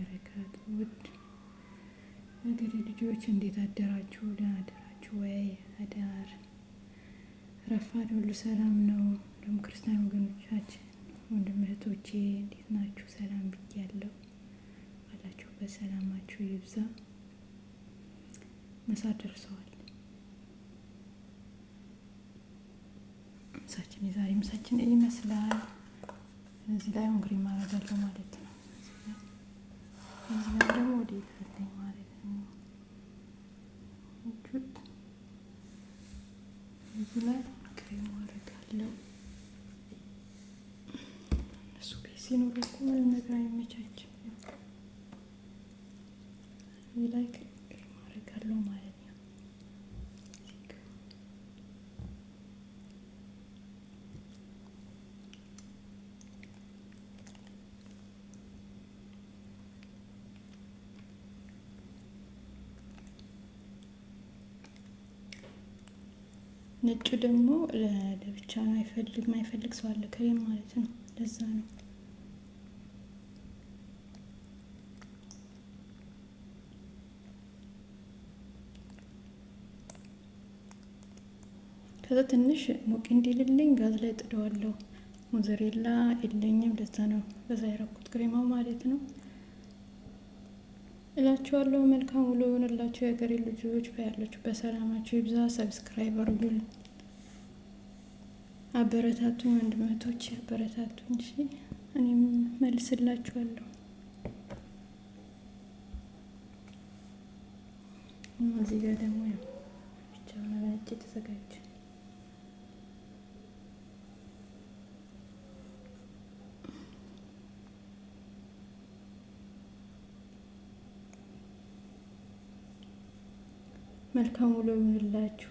በረካቱ ውድ አገሬ ልጆች እንዴት አደራችሁ? ደህና አደራችሁ ወይ? አዳር ረፋድ ሁሉ ሰላም ነው። እንዲሁም ክርስቲያን ወገኖቻችን ወንድም እህቶቼ እንዴት ናችሁ? ሰላም ብያለሁ። ባላችሁበት በሰላማችሁ ይብዛ። ምሳ ደርሰዋል። ምሳችን የዛሬ ምሳችን ይመስላል። እዚህ ላይ ሆንግሪ ማረጋለሁ ማለት ነው። እዚህ ጋር ደግሞ ወዴት ፈተኝ ማለት ነው። እዚህ ላይ ክሬም ማድረግ አለው። እነሱ ቤት ሲኖር እኮ ምንም ነገር አይመቻችም። ነጩ ደግሞ ለብቻ ነው። አይፈልግ ማይፈልግ ሰው አለ ክሬም ማለት ነው። ለዛ ነው ከዛ ትንሽ ሞቅ እንዲልልኝ ጋዝ ላይ ጥደዋለሁ። ሞዘሬላ የለኝም። ለዛ ነው በዛ የረኩት ክሬማው ማለት ነው። እላችኋለሁ። መልካም ውሎ የሆነላቸው የሀገሬ ልጆች በያላችሁ በሰላማችሁ ይብዛ። ሰብስክራይብ አርጉል፣ አበረታቱኝ፣ ወንድመቶች አበረታቱኝ። እኔም መልስላችኋለሁ። እዚህ ጋር ደግሞ ያው ብቻውን ነጭ የተዘጋጀ መልካም ውሎ ይሁንላችሁ።